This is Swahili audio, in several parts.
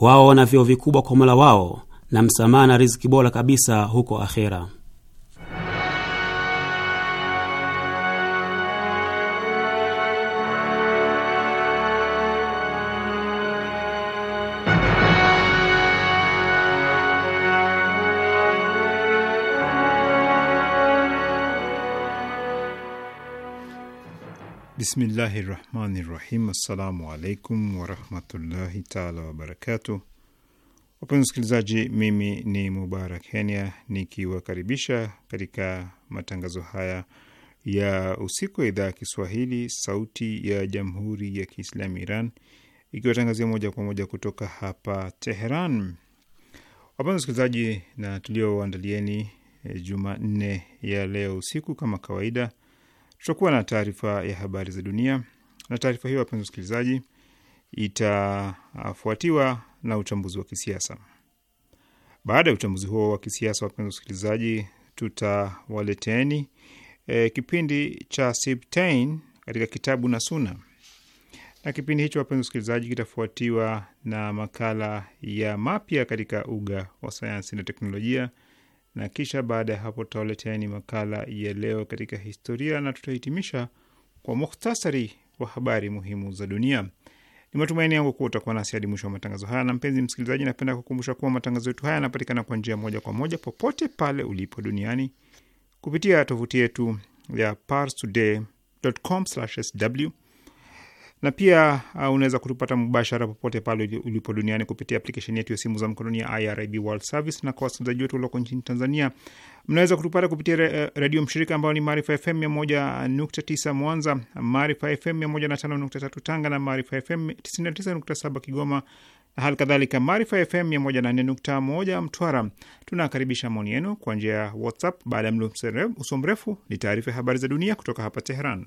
wao wana vyeo vikubwa kwa Mola wao na msamaha na riziki bora kabisa huko akhera. Bismillahi rahmani rahim. Assalamu alaikum warahmatullahi taala wabarakatu. Wapenzi wasikilizaji, mimi ni Mubarak Kenya nikiwakaribisha katika matangazo haya ya usiku wa idhaa ya Kiswahili sauti ya jamhuri ya Kiislamu Iran ikiwatangazia moja kwa moja kutoka hapa Teheran. Wapenzi wasikilizaji, na tulioandalieni eh, Jumanne ya leo usiku kama kawaida Tutakuwa na taarifa ya habari za dunia, na taarifa hiyo, wapenzi wasikilizaji, itafuatiwa na uchambuzi wa kisiasa. Baada ya uchambuzi huo wa kisiasa, wapenzi wasikilizaji, tutawaleteni e, kipindi cha Sibtain katika kitabu na Suna, na kipindi hicho, wapenzi wasikilizaji, kitafuatiwa na makala ya mapya katika uga wa sayansi na teknolojia na kisha baada ya hapo tutawaleteani makala ya leo katika historia na tutahitimisha kwa muhtasari wa habari muhimu za dunia. Ni matumaini yangu kuwa utakuwa nasi hadi mwisho wa matangazo haya. Na mpenzi msikilizaji, napenda kukumbusha kuwa matangazo yetu haya yanapatikana kwa njia moja kwa moja popote pale ulipo duniani kupitia tovuti yetu ya parstoday.com/sw na pia uh, unaweza kutupata mubashara popote pale ulipo duniani kupitia aplikesheni yetu ya simu za mkononi ya IRIB World Service. Na kwa wasikilizaji wetu ulioko nchini Tanzania, mnaweza kutupata kupitia eh, redio mshirika ambayo ni Maarifa FM 101.9 Mwanza, Maarifa FM 105.3 Tanga na Maarifa FM 99.7 Kigoma na hali kadhalika Maarifa FM 104.1 Mtwara. Tunakaribisha maoni yenu kwa njia ya WhatsApp. Baada ya mlo uso mrefu, ni taarifa ya habari za dunia kutoka hapa Teheran.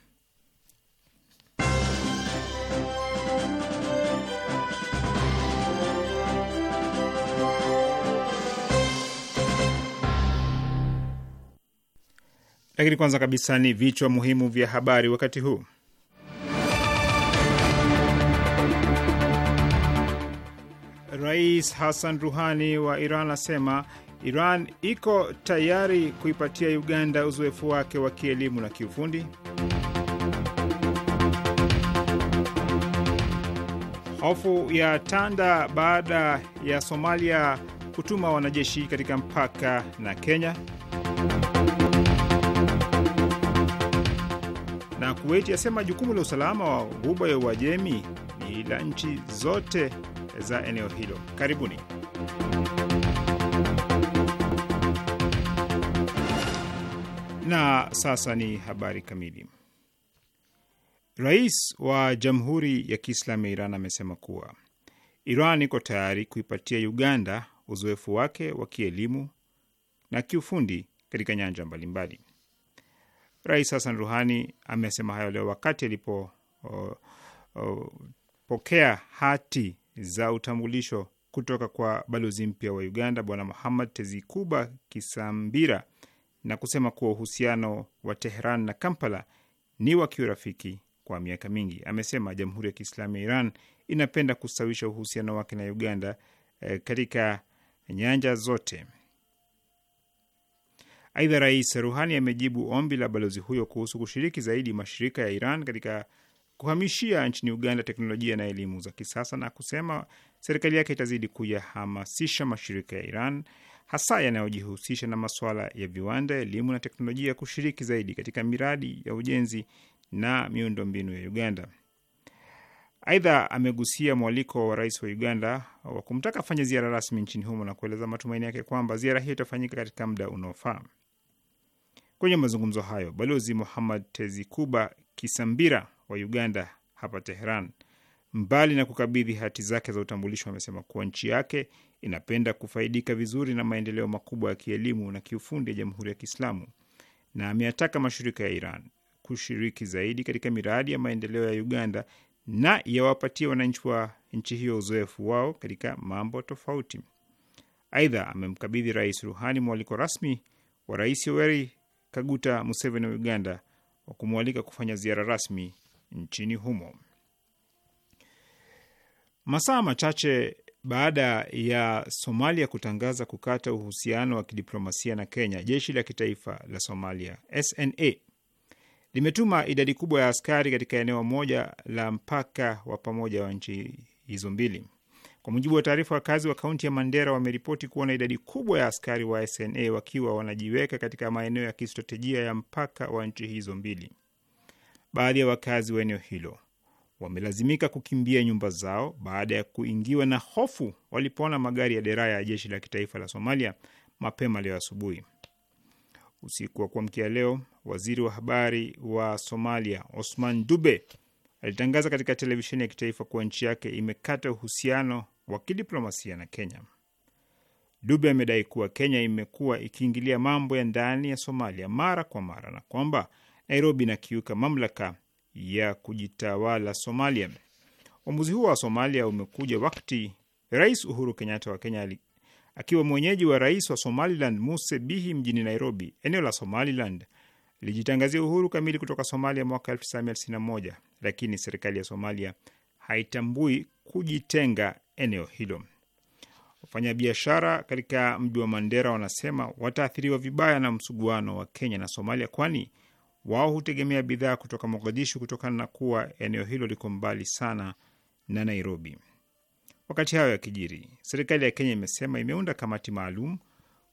Lakini kwanza kabisa ni vichwa muhimu vya habari wakati huu. Rais Hassan Ruhani wa Iran anasema Iran iko tayari kuipatia Uganda uzoefu wake wa kielimu na kiufundi. Hofu ya tanda baada ya Somalia kutuma wanajeshi katika mpaka na Kenya. Kuwait yasema jukumu la usalama wa ghuba ya Uajemi ni la nchi zote za eneo hilo. Karibuni. Na sasa ni habari kamili. Rais wa Jamhuri ya Kiislamu ya Iran amesema kuwa Iran iko tayari kuipatia Uganda uzoefu wake wa kielimu na kiufundi katika nyanja mbalimbali. Rais Hassan Ruhani amesema hayo leo wakati alipopokea hati za utambulisho kutoka kwa balozi mpya wa Uganda Bwana Muhammad Tezikuba Kisambira na kusema kuwa uhusiano wa Tehran na Kampala ni wa kiurafiki kwa miaka mingi. Amesema Jamhuri ya Kiislamu ya Iran inapenda kustawisha uhusiano wake na Uganda eh, katika nyanja zote. Aidha, Rais Ruhani amejibu ombi la balozi huyo kuhusu kushiriki zaidi mashirika ya Iran katika kuhamishia nchini Uganda teknolojia na elimu za kisasa na kusema serikali yake itazidi kuyahamasisha mashirika ya Iran hasa yanayojihusisha na masuala ya viwanda, elimu na teknolojia kushiriki zaidi katika miradi ya ujenzi na miundombinu ya Uganda. Aidha, amegusia mwaliko wa rais wa Uganda wa kumtaka afanye ziara rasmi nchini humo na kueleza matumaini yake kwamba ziara hiyo itafanyika katika muda unaofaa. Kwenye mazungumzo hayo, Balozi Muhammad Tezikuba Kisambira wa Uganda hapa Teheran, mbali na kukabidhi hati zake za utambulisho, amesema kuwa nchi yake inapenda kufaidika vizuri na maendeleo makubwa ya kielimu na kiufundi ya Jamhuri ya Kiislamu na ameyataka mashirika ya Iran kushiriki zaidi katika miradi ya maendeleo ya Uganda na yawapatie wananchi wa nchi hiyo uzoefu wao katika mambo tofauti. Aidha, amemkabidhi Rais Ruhani mwaliko rasmi wa Rais Yoweri Kaguta Museveni wa Uganda wa kumwalika kufanya ziara rasmi nchini humo. Masaa machache baada ya Somalia kutangaza kukata uhusiano wa kidiplomasia na Kenya, jeshi la kitaifa la Somalia SNA limetuma idadi kubwa ya askari katika eneo moja la mpaka wa pamoja wa nchi hizo mbili. Kwa mujibu wa taarifa, wakazi wa kaunti ya Mandera wameripoti kuona idadi kubwa ya askari wa SNA wakiwa wanajiweka katika maeneo ya kistratejia ya mpaka wa nchi hizo mbili. Baadhi ya wakazi wa eneo hilo wamelazimika kukimbia nyumba zao baada ya kuingiwa na hofu walipoona magari ya deraya ya jeshi la kitaifa la Somalia mapema leo asubuhi. Usiku wa kuamkia leo, waziri wa habari wa Somalia Osman Dube alitangaza katika televisheni ya kitaifa kuwa nchi yake imekata uhusiano wa kidiplomasia na Kenya. Dube amedai kuwa Kenya imekuwa ikiingilia mambo ya ndani ya Somalia mara kwa mara na kwamba Nairobi inakiuka mamlaka ya kujitawala Somalia. Uamuzi huo wa Somalia umekuja wakati Rais Uhuru Kenyatta wa Kenya akiwa mwenyeji wa rais wa Somaliland Muse Bihi mjini Nairobi. Eneo la Somaliland lijitangazia uhuru kamili kutoka Somalia mwaka 1991 lakini serikali ya Somalia haitambui kujitenga eneo hilo. Wafanyabiashara katika mji wa Mandera wanasema wataathiriwa vibaya na msuguano wa Kenya na Somalia, kwani wao hutegemea bidhaa kutoka Mogadishu kutokana na kuwa eneo hilo liko mbali sana na Nairobi. Wakati hayo yakijiri, serikali ya Kenya imesema imeunda kamati maalum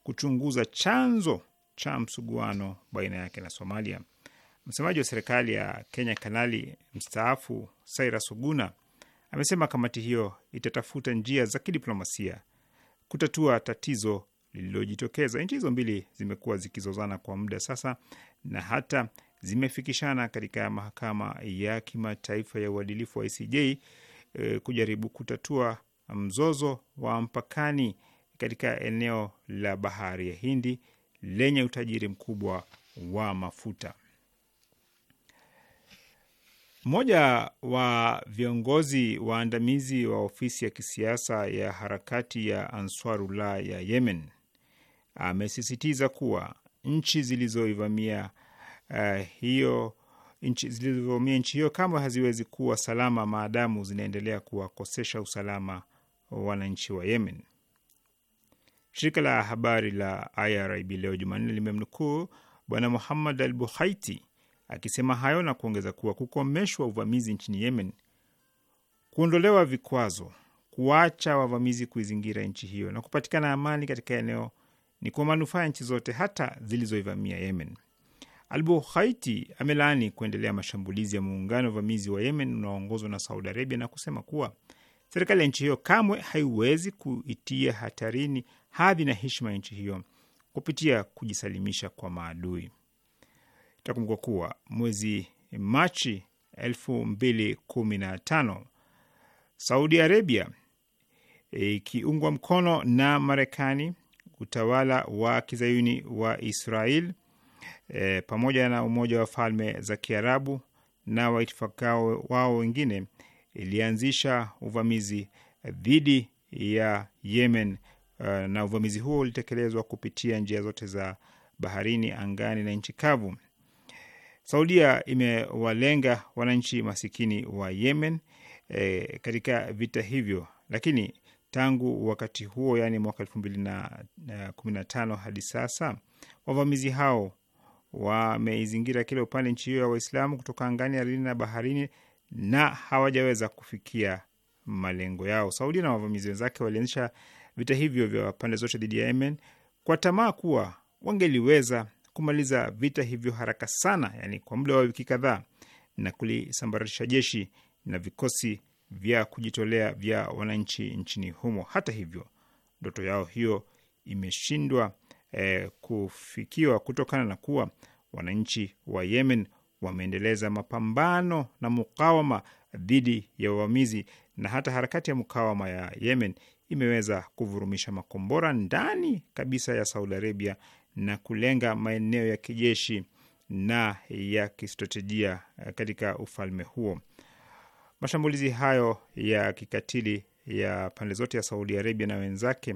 kuchunguza chanzo cha msuguano baina yake na Somalia. Msemaji wa serikali ya Kenya, Kanali mstaafu saira Oguna amesema kamati hiyo itatafuta njia za kidiplomasia kutatua tatizo lililojitokeza. Nchi hizo mbili zimekuwa zikizozana kwa muda sasa na hata zimefikishana katika mahakama ya kimataifa ya uadilifu wa ICJ e, kujaribu kutatua mzozo wa mpakani katika eneo la bahari ya Hindi lenye utajiri mkubwa wa mafuta. Mmoja wa viongozi waandamizi wa ofisi ya kisiasa ya harakati ya Ansarullah ya Yemen amesisitiza kuwa nchi zilizoivamia uh, hiyo nchi zilizovamia nchi hiyo kama haziwezi kuwa salama maadamu zinaendelea kuwakosesha usalama wa wananchi wa Yemen. Shirika la habari la IRIB leo Jumanne limemnukuu Bwana Muhammad al Buhaiti Akisema hayo na kuongeza kuwa kukomeshwa uvamizi nchini Yemen, kuondolewa vikwazo, kuacha wavamizi kuizingira nchi hiyo na kupatikana amani katika eneo ni kwa manufaa ya nchi zote, hata zilizoivamia Yemen. Albuhaiti amelaani kuendelea mashambulizi ya muungano uvamizi wa Yemen unaoongozwa na Saudi Arabia na kusema kuwa serikali ya nchi hiyo kamwe haiwezi kuitia hatarini hadhi na heshima ya nchi hiyo kupitia kujisalimisha kwa maadui. Itakumbukwa kuwa mwezi Machi elfu mbili tano Saudi Arabia ikiungwa e, mkono na Marekani, utawala wa kizayuni wa Israel e, pamoja na Umoja wa Falme za Kiarabu na waitifakao wao wengine ilianzisha uvamizi dhidi ya Yemen e, na uvamizi huo ulitekelezwa kupitia njia zote za baharini, angani na nchi kavu. Saudia imewalenga wananchi masikini wa Yemen eh, katika vita hivyo, lakini tangu wakati huo, yaani mwaka elfu mbili na kumi na tano hadi sasa wavamizi hao wameizingira kila upande nchi hiyo ya Waislamu kutoka angani, ardhini na baharini na hawajaweza kufikia malengo yao. Saudia na wavamizi wenzake walianzisha vita hivyo vya pande zote dhidi ya Yemen kwa tamaa kuwa wangeliweza kumaliza vita hivyo haraka sana, yani kwa muda wa wiki kadhaa, na kulisambaratisha jeshi na vikosi vya kujitolea vya wananchi nchini humo. Hata hivyo, ndoto yao hiyo imeshindwa eh, kufikiwa kutokana na kuwa wananchi wa Yemen wameendeleza mapambano na mukawama dhidi ya uvamizi na hata harakati ya mukawama ya Yemen imeweza kuvurumisha makombora ndani kabisa ya Saudi Arabia na kulenga maeneo ya kijeshi na ya kistratejia eh, katika ufalme huo. Mashambulizi hayo ya kikatili ya pande zote ya Saudi Arabia na wenzake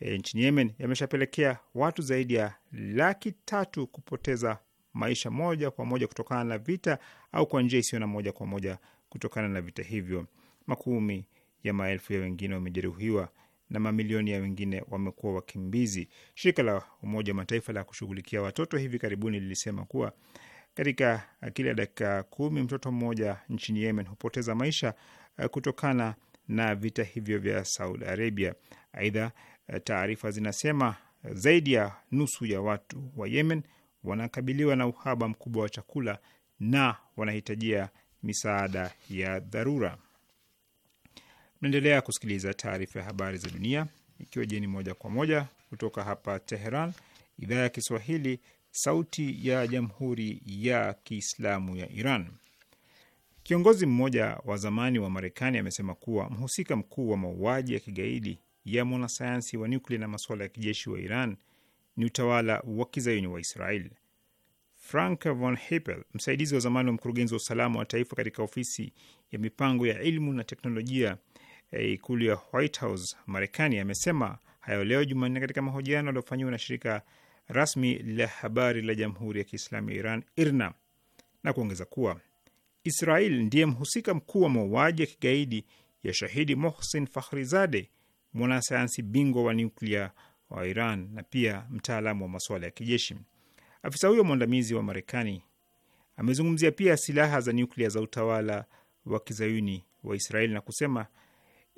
e, nchini Yemen yameshapelekea watu zaidi ya laki tatu kupoteza maisha moja kwa moja kutokana na vita au kwa njia isiyo na moja kwa moja kutokana na vita hivyo. Makumi ya maelfu ya wengine wamejeruhiwa na mamilioni ya wengine wamekuwa wakimbizi. Shirika la Umoja wa Mataifa la kushughulikia watoto hivi karibuni lilisema kuwa katika kila dakika kumi mtoto mmoja nchini Yemen hupoteza maisha eh, kutokana na vita hivyo vya Saudi Arabia. Aidha, eh, taarifa zinasema eh, zaidi ya nusu ya watu wa Yemen wanakabiliwa na uhaba mkubwa wa chakula na wanahitajia misaada ya dharura. Mnaendelea kusikiliza taarifa ya habari za dunia ikiwa jeni moja kwa moja kutoka hapa Teheran, idhaa ya Kiswahili, sauti ya jamhuri ya kiislamu ya Iran. Kiongozi mmoja wa zamani wa Marekani amesema kuwa mhusika mkuu wa mauaji ya kigaidi ya mwanasayansi wa nyuklia na masuala ya kijeshi wa Iran ni utawala wa kizayuni wa Israel. Frank von Hippel, msaidizi wa zamani wa mkurugenzi wa usalama wa taifa katika ofisi ya mipango ya ilmu na teknolojia ikulu ya White House Marekani amesema hayo leo Jumanne katika mahojiano aliyofanyiwa na shirika rasmi la habari la Jamhuri ya Kiislamu ya Iran IRNA na kuongeza kuwa Israel ndiye mhusika mkuu wa mauaji ya kigaidi ya shahidi Mohsin Fakhrizade, mwanasayansi bingwa wa nyuklia wa Iran na pia mtaalamu wa masuala ya kijeshi. Afisa huyo mwandamizi wa Marekani amezungumzia pia silaha za nyuklia za utawala wa kizayuni wa israel na kusema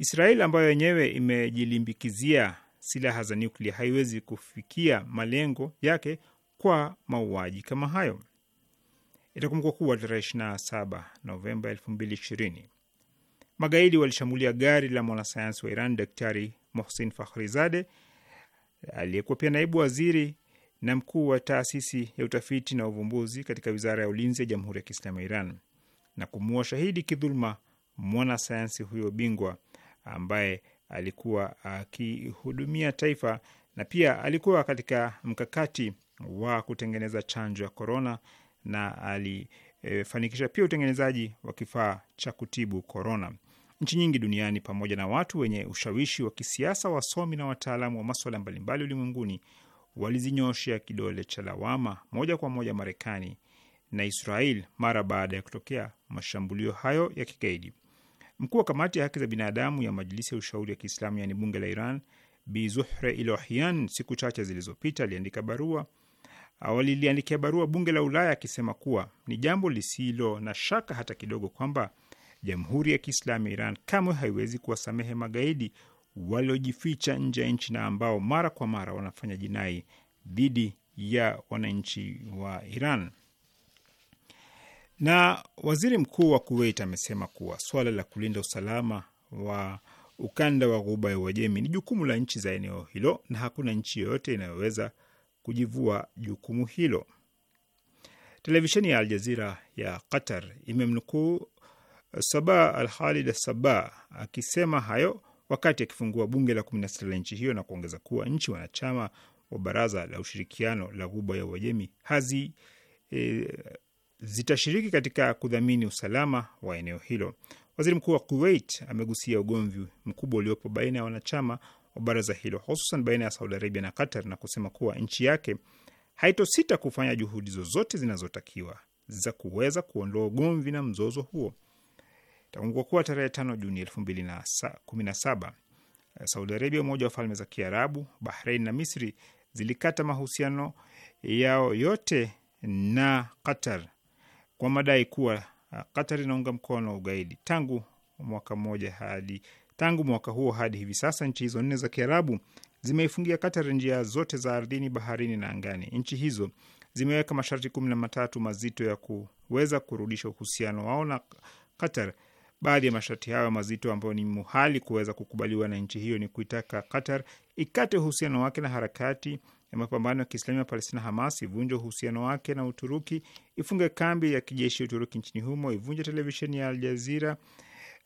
Israel ambayo yenyewe imejilimbikizia silaha za nyuklia haiwezi kufikia malengo yake kwa mauaji kama hayo. Itakumbukwa kuwa tarehe 27 Novemba 2020 magaidi walishambulia gari la mwanasayansi wa Iran Daktari Mohsin Fakhrizade aliyekuwa pia naibu waziri na mkuu wa taasisi ya utafiti na uvumbuzi katika wizara ya ulinzi ya Jamhuri ya Kiislamu ya Iran na kumuua shahidi kidhuluma mwanasayansi huyo bingwa ambaye alikuwa akihudumia taifa na pia alikuwa katika mkakati wa kutengeneza chanjo ya korona na alifanikisha e, pia utengenezaji wa kifaa cha kutibu korona. Nchi nyingi duniani pamoja na watu wenye ushawishi wa kisiasa, wasomi na wataalamu wa masuala mbalimbali ulimwenguni walizinyoshea kidole cha lawama moja kwa moja Marekani na Israel mara baada ya kutokea mashambulio hayo ya kigaidi. Mkuu wa kamati ya haki za binadamu ya Majlisi ya Ushauri ya Kiislamu, yaani bunge la Iran, Bi Zuhre Ilohian, siku chache zilizopita aliandika barua awali barua bunge la Ulaya akisema kuwa ni jambo lisilo na shaka hata kidogo kwamba Jamhuri ya Kiislamu ya Iran kamwe haiwezi kuwasamehe magaidi waliojificha nje ya nchi na ambao mara kwa mara wanafanya jinai dhidi ya wananchi wa Iran. Na waziri mkuu wa Kuwait amesema kuwa suala la kulinda usalama wa ukanda wa Ghuba ya Uajemi ni jukumu la nchi za eneo hilo na hakuna nchi yoyote inayoweza kujivua jukumu hilo. Televisheni ya Aljazira ya Qatar imemnukuu saba Al Khalid Saba akisema hayo wakati akifungua bunge la kumi na la nchi hiyo na kuongeza kuwa nchi wanachama wa Baraza la Ushirikiano la Ghuba ya Uajemi hazi eh, zitashiriki katika kudhamini usalama wa eneo hilo. Waziri mkuu wa Kuwait amegusia ugomvi mkubwa uliopo baina ya wanachama wa baraza hilo, hususan baina ya Saudi Arabia na Qatar, na kusema kuwa nchi yake haitosita kufanya juhudi zozote zinazotakiwa za kuweza kuondoa ugomvi na mzozo huo. Itakumbukwa kuwa tarehe a Juni elfu eh, Saudi Arabia, Umoja wa Falme za Kiarabu, bahrein na Misri zilikata mahusiano yao yote na Qatar kwa madai kuwa uh, Qatar inaunga mkono ugaidi tangu mwaka mmoja hadi tangu mwaka huo hadi hivi sasa, nchi hizo nne za Kiarabu zimeifungia Qatar njia zote za ardhini, baharini na angani. Nchi hizo zimeweka masharti kumi na matatu mazito ya kuweza kurudisha uhusiano wao na Qatar. Baadhi ya masharti hayo mazito ambayo ni muhali kuweza kukubaliwa na nchi hiyo ni kuitaka Qatar ikate uhusiano wake na harakati ya mapambano ya Kiislamu ya Palestina Hamas ivunje uhusiano wake na Uturuki, ifunge kambi ya kijeshi ya Uturuki nchini humo, ivunje televisheni ya Aljazira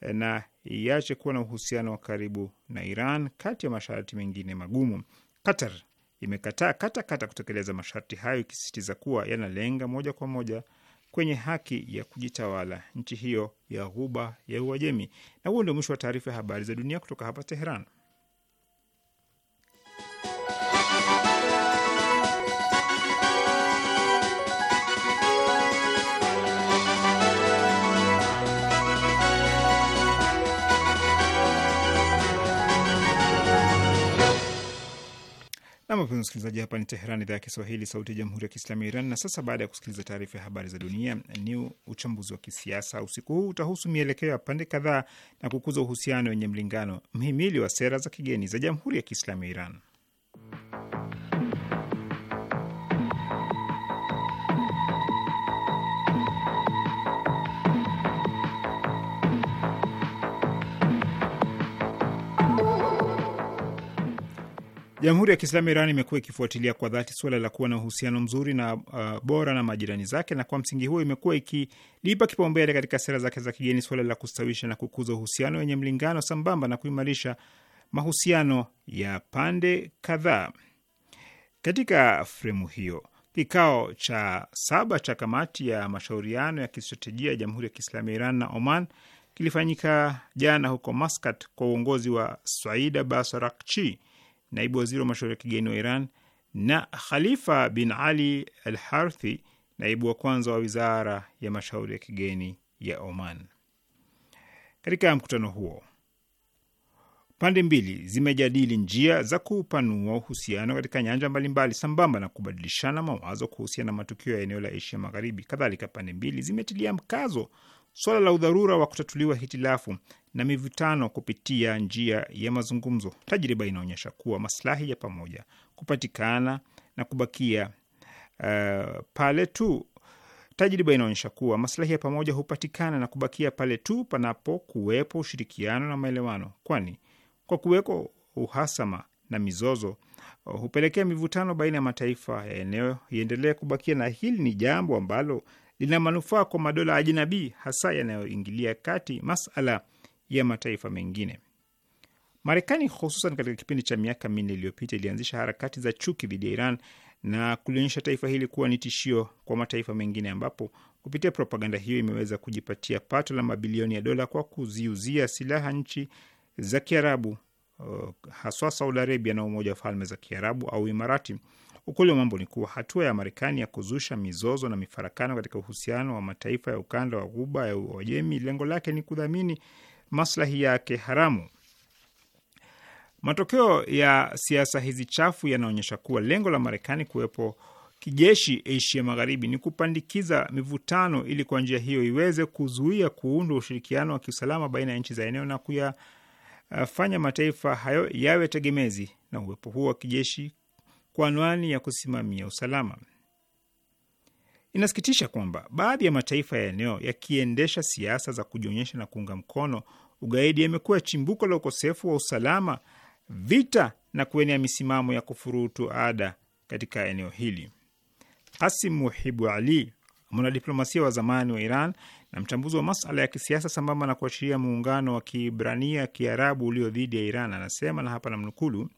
eh, na iache kuwa na uhusiano wa karibu na Iran, kati ya masharti mengine magumu. Qatar imekataa katakata kutekeleza masharti hayo, ikisisitiza kuwa yanalenga moja kwa moja kwenye haki ya kujitawala nchi hiyo ya Ghuba ya Uajemi. Na huo ndio mwisho wa taarifa ya habari za dunia kutoka hapa Teheran. wapenzi msikilizaji, hapa ni teheran idhaa ya Kiswahili, sauti ya jamhuri ya kiislamu ya Iran. Na sasa baada ya kusikiliza taarifa ya habari za dunia, ni uchambuzi wa kisiasa usiku huu. Utahusu mielekeo ya pande kadhaa na kukuza uhusiano wenye mlingano, mhimili wa sera za kigeni za jamhuri ya kiislamu ya Iran. Jamhuri ya Kiislamu ya Iran imekuwa ikifuatilia kwa dhati suala la kuwa na uhusiano mzuri na uh, bora na majirani zake, na kwa msingi huo imekuwa ikilipa kipaumbele katika sera zake za kigeni suala la kustawisha na kukuza uhusiano wenye mlingano sambamba na kuimarisha mahusiano ya pande kadhaa. Katika fremu hiyo, kikao cha saba cha kamati ya mashauriano ya kistratejia ya Jamhuri ya Kiislamu ya Iran na Oman kilifanyika jana huko Maskat kwa uongozi wa Saida Basarakchi naibu waziri wa mashauri ya kigeni wa Iran, na Khalifa bin Ali al Harthi, naibu wa kwanza wa wizara ya mashauri ya kigeni ya Oman. Katika mkutano huo, pande mbili zimejadili njia za kupanua uhusiano katika nyanja mbalimbali sambamba na kubadilishana mawazo kuhusiana na matukio ya eneo la Asia Magharibi. Kadhalika, pande mbili zimetilia mkazo swala la udharura wa kutatuliwa hitilafu na mivutano kupitia njia ya mazungumzo. Tajriba inaonyesha kuwa maslahi ya pamoja kupatikana na kubakia uh, pale tu tajriba inaonyesha kuwa maslahi ya pamoja hupatikana na kubakia pale tu panapo kuwepo ushirikiano na maelewano, kwani kwa kuweko uhasama na mizozo uh, hupelekea mivutano baina ya mataifa ya eneo iendelee kubakia, na hili ni jambo ambalo lina manufaa kwa madola ajinabii, hasa yanayoingilia kati masala ya mataifa mengine. Marekani hususan katika kipindi cha miaka minne iliyopita ilianzisha harakati za chuki dhidi ya Iran na kulionyesha taifa hili kuwa ni tishio kwa mataifa mengine, ambapo kupitia propaganda hiyo imeweza kujipatia pato la mabilioni ya dola kwa kuziuzia silaha nchi za Kiarabu, uh, haswa Saudi Arabia na Umoja wa Falme za Kiarabu au Imarati. Ukweli wa mambo ni kuwa hatua ya Marekani ya kuzusha mizozo na mifarakano katika uhusiano wa mataifa ya ukanda wa Ghuba ya Uajemi, lengo lake ni kudhamini maslahi yake haramu. Matokeo ya siasa hizi chafu yanaonyesha kuwa lengo la Marekani kuwepo kijeshi Asia Magharibi ni kupandikiza mivutano ili kwa njia hiyo iweze kuzuia kuundwa ushirikiano wa kiusalama baina ya nchi za eneo na kuyafanya mataifa hayo yawe tegemezi, na uwepo huo wa kijeshi kwa anwani ya kusimamia usalama. Inasikitisha kwamba baadhi ya mataifa ya eneo yakiendesha siasa za kujionyesha na kuunga mkono ugaidi yamekuwa chimbuko la ukosefu wa usalama, vita na kuenea misimamo ya kufurutu ada katika eneo hili. Qasim Muhibu Ali, mwanadiplomasia wa zamani wa Iran na mchambuzi wa masala ya kisiasa, sambamba na kuashiria muungano wa Kiibrania Kiarabu ulio dhidi ya Iran, anasema na hapa namnukulu: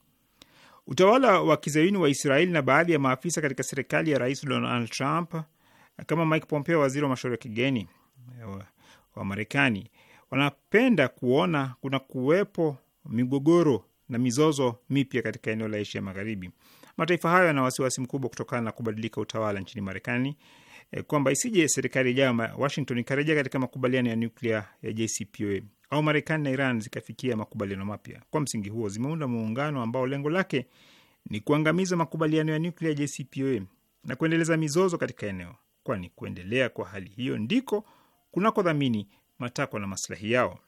Utawala wa kizayuni wa Israeli na baadhi ya maafisa katika serikali ya rais Donald Trump kama Mike Pompeo, waziri wa mashauri ya kigeni wa, eh, wa Marekani, wanapenda kuona kuna kuwepo migogoro na mizozo mipya katika eneo la Asia Magharibi. Mataifa hayo yana wasiwasi mkubwa kutokana na kubadilika utawala nchini Marekani eh, kwamba isije serikali ijayo Washington ikarejea katika makubaliano ya nuklia ya JCPOA au Marekani na Iran zikafikia makubaliano mapya. Kwa msingi huo, zimeunda muungano ambao lengo lake ni kuangamiza makubaliano ya nuklia JCPOA na kuendeleza mizozo katika eneo, kwani kuendelea kwa hali hiyo ndiko kunakodhamini matakwa na maslahi yao.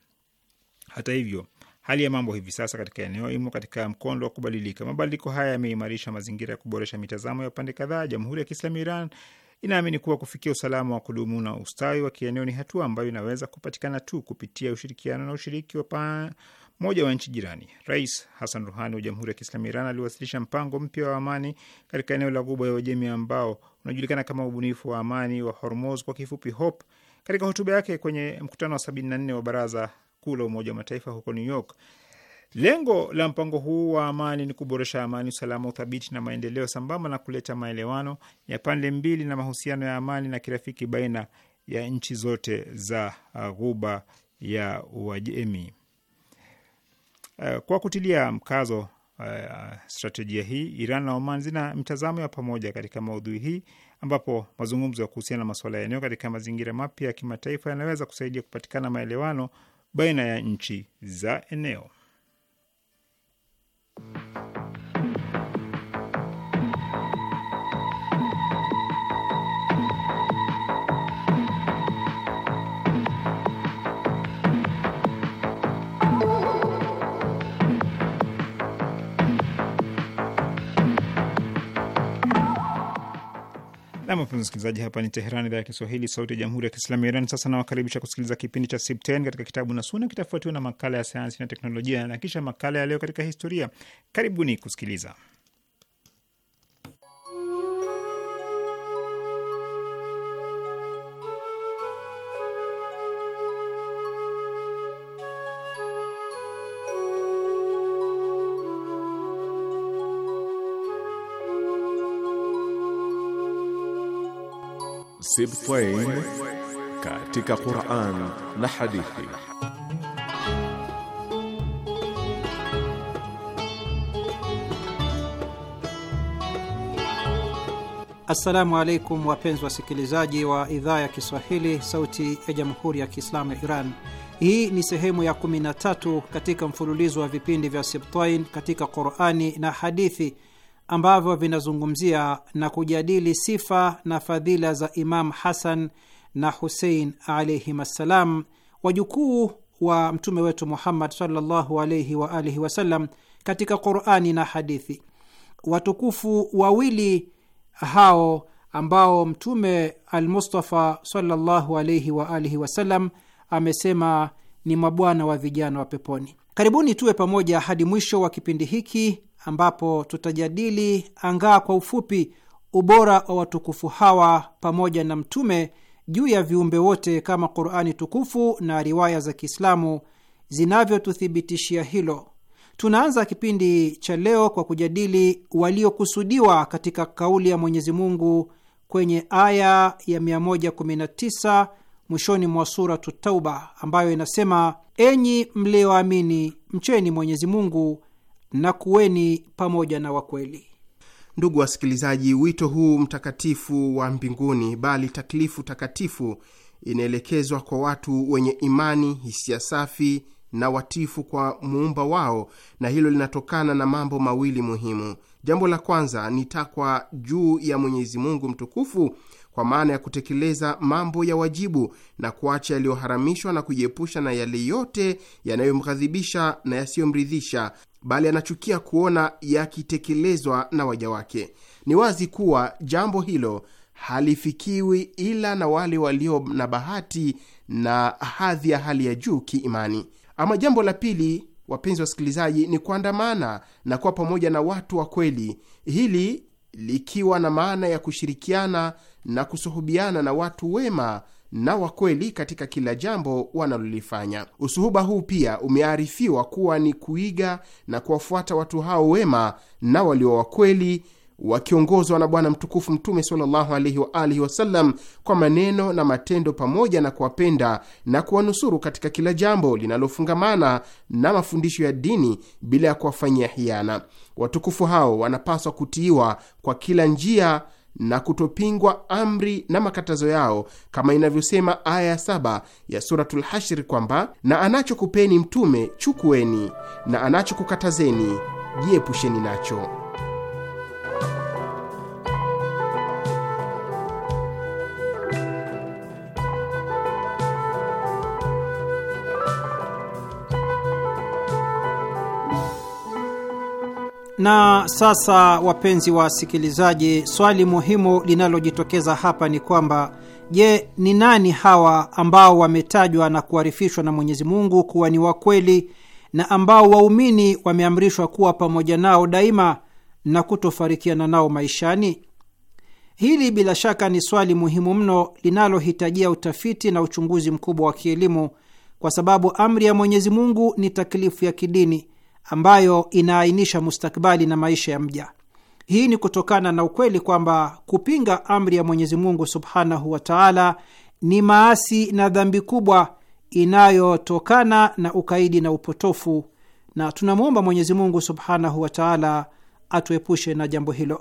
Hata hivyo, hali ya mambo hivi sasa katika eneo imo katika mkondo wa kubadilika. Mabadiliko haya yameimarisha mazingira ya kuboresha mitazamo ya pande kadhaa. Jamhuri ya Kiislamu Iran inaamini kuwa kufikia usalama wa kudumu na ustawi wa kieneo ni hatua ambayo inaweza kupatikana tu kupitia ushirikiano na ushiriki wa pamoja wa nchi jirani. Rais Hassan Ruhani wa Jamhuri ya Kiislamu Iran aliwasilisha mpango mpya wa amani katika eneo la Ghuba ya Uajemi ambao unajulikana kama ubunifu wa amani wa Hormuz, kwa kifupi HOP, katika hotuba yake kwenye mkutano wa 74 wa Baraza Kuu la Umoja wa Mataifa huko New York. Lengo la mpango huu wa amani ni kuboresha amani, usalama, uthabiti na maendeleo, sambamba na kuleta maelewano ya pande mbili na mahusiano ya amani na kirafiki baina ya nchi zote za uh, Ghuba ya Uajemi. Uh, kwa kutilia mkazo uh, stratejia hii, Iran na Oman zina mtazamo ya pamoja katika maudhui hii, ambapo mazungumzo ya kuhusiana na masuala ya eneo katika mazingira mapya ya kimataifa yanaweza kusaidia kupatikana maelewano baina ya nchi za eneo. Nam wapenzi msikilizaji, hapa ni teheran idhaa ya Kiswahili, sauti ya jamhuri ya kiislamu ya Iran. Sasa nawakaribisha kusikiliza kipindi cha Sipten katika kitabu na Suna, kitafuatiwa na makala ya sayansi na teknolojia na kisha makala ya leo katika historia. Karibuni kusikiliza Sib Twain katika Qur'an na hadithi. Assalamu alaikum wapenzi wasikilizaji wa idhaa ya Kiswahili sauti ya Jamhuri ya Kiislamu ya Iran. Hii ni sehemu ya 13 katika mfululizo wa vipindi vya Sibtain katika Qur'ani na hadithi ambavyo vinazungumzia na kujadili sifa na fadhila za Imam Hasan na Husein alaihim assalam, wajukuu wa mtume wetu Muhammad sallallahu alaihi wa alihi wasallam katika Qurani na hadithi. Watukufu wawili hao ambao Mtume Almustafa sallallahu alaihi wa alihi wasallam amesema ni mabwana wa vijana wa peponi. Karibuni tuwe pamoja hadi mwisho wa kipindi hiki ambapo tutajadili angaa kwa ufupi ubora wa watukufu hawa pamoja na mtume juu ya viumbe wote kama Qur'ani tukufu na riwaya za Kiislamu zinavyotuthibitishia hilo. Tunaanza kipindi cha leo kwa kujadili waliokusudiwa katika kauli ya Mwenyezi Mungu kwenye aya ya 119 mwishoni mwa Suratu Tauba ambayo inasema, enyi mlioamini, mcheni Mwenyezi Mungu na kuweni pamoja na wakweli. Ndugu wasikilizaji, wito huu mtakatifu wa mbinguni, bali taklifu takatifu, inaelekezwa kwa watu wenye imani, hisia safi na watifu kwa muumba wao, na hilo linatokana na mambo mawili muhimu. Jambo la kwanza ni takwa juu ya Mwenyezi Mungu mtukufu kwa maana ya kutekeleza mambo ya wajibu na kuacha yaliyoharamishwa na kujiepusha na yale yote yanayomghadhibisha na yasiyomridhisha, bali anachukia kuona yakitekelezwa na waja wake. Ni wazi kuwa jambo hilo halifikiwi ila na wale walio na bahati na hadhi ya hali ya juu kiimani. Ama jambo la pili, wapenzi wasikilizaji, ni kuandamana na kuwa pamoja na watu wa kweli, hili likiwa na maana ya kushirikiana na kusuhubiana na watu wema na wakweli katika kila jambo wanalolifanya. Usuhuba huu pia umearifiwa kuwa ni kuiga na kuwafuata watu hao wema na walio wakweli wakiongozwa na Bwana mtukufu Mtume sallallahu alaihi wa alihi wasallam kwa maneno na matendo, pamoja na kuwapenda na kuwanusuru katika kila jambo linalofungamana na mafundisho ya dini bila ya kuwafanyia hiana. Watukufu hao wanapaswa kutiiwa kwa kila njia na kutopingwa amri na makatazo yao, kama inavyosema aya ya saba ya Suratul kwamba, na anachokupeni mtume chukueni, na anachokukatazeni jiepusheni nacho. Na sasa, wapenzi wa wasikilizaji, swali muhimu linalojitokeza hapa ni kwamba je, ni nani hawa ambao wametajwa na kuarifishwa na Mwenyezi Mungu kuwa ni wakweli na ambao waumini wameamrishwa kuwa pamoja nao daima na kutofarikiana nao maishani? Hili bila shaka ni swali muhimu mno linalohitajia utafiti na uchunguzi mkubwa wa kielimu, kwa sababu amri ya Mwenyezi Mungu ni taklifu ya kidini ambayo inaainisha mustakbali na maisha ya mja. Hii ni kutokana na ukweli kwamba kupinga amri ya Mwenyezi Mungu subhanahu wa taala ni maasi na dhambi kubwa inayotokana na ukaidi na upotofu, na tunamwomba Mwenyezi Mungu subhanahu wa taala atuepushe na jambo hilo.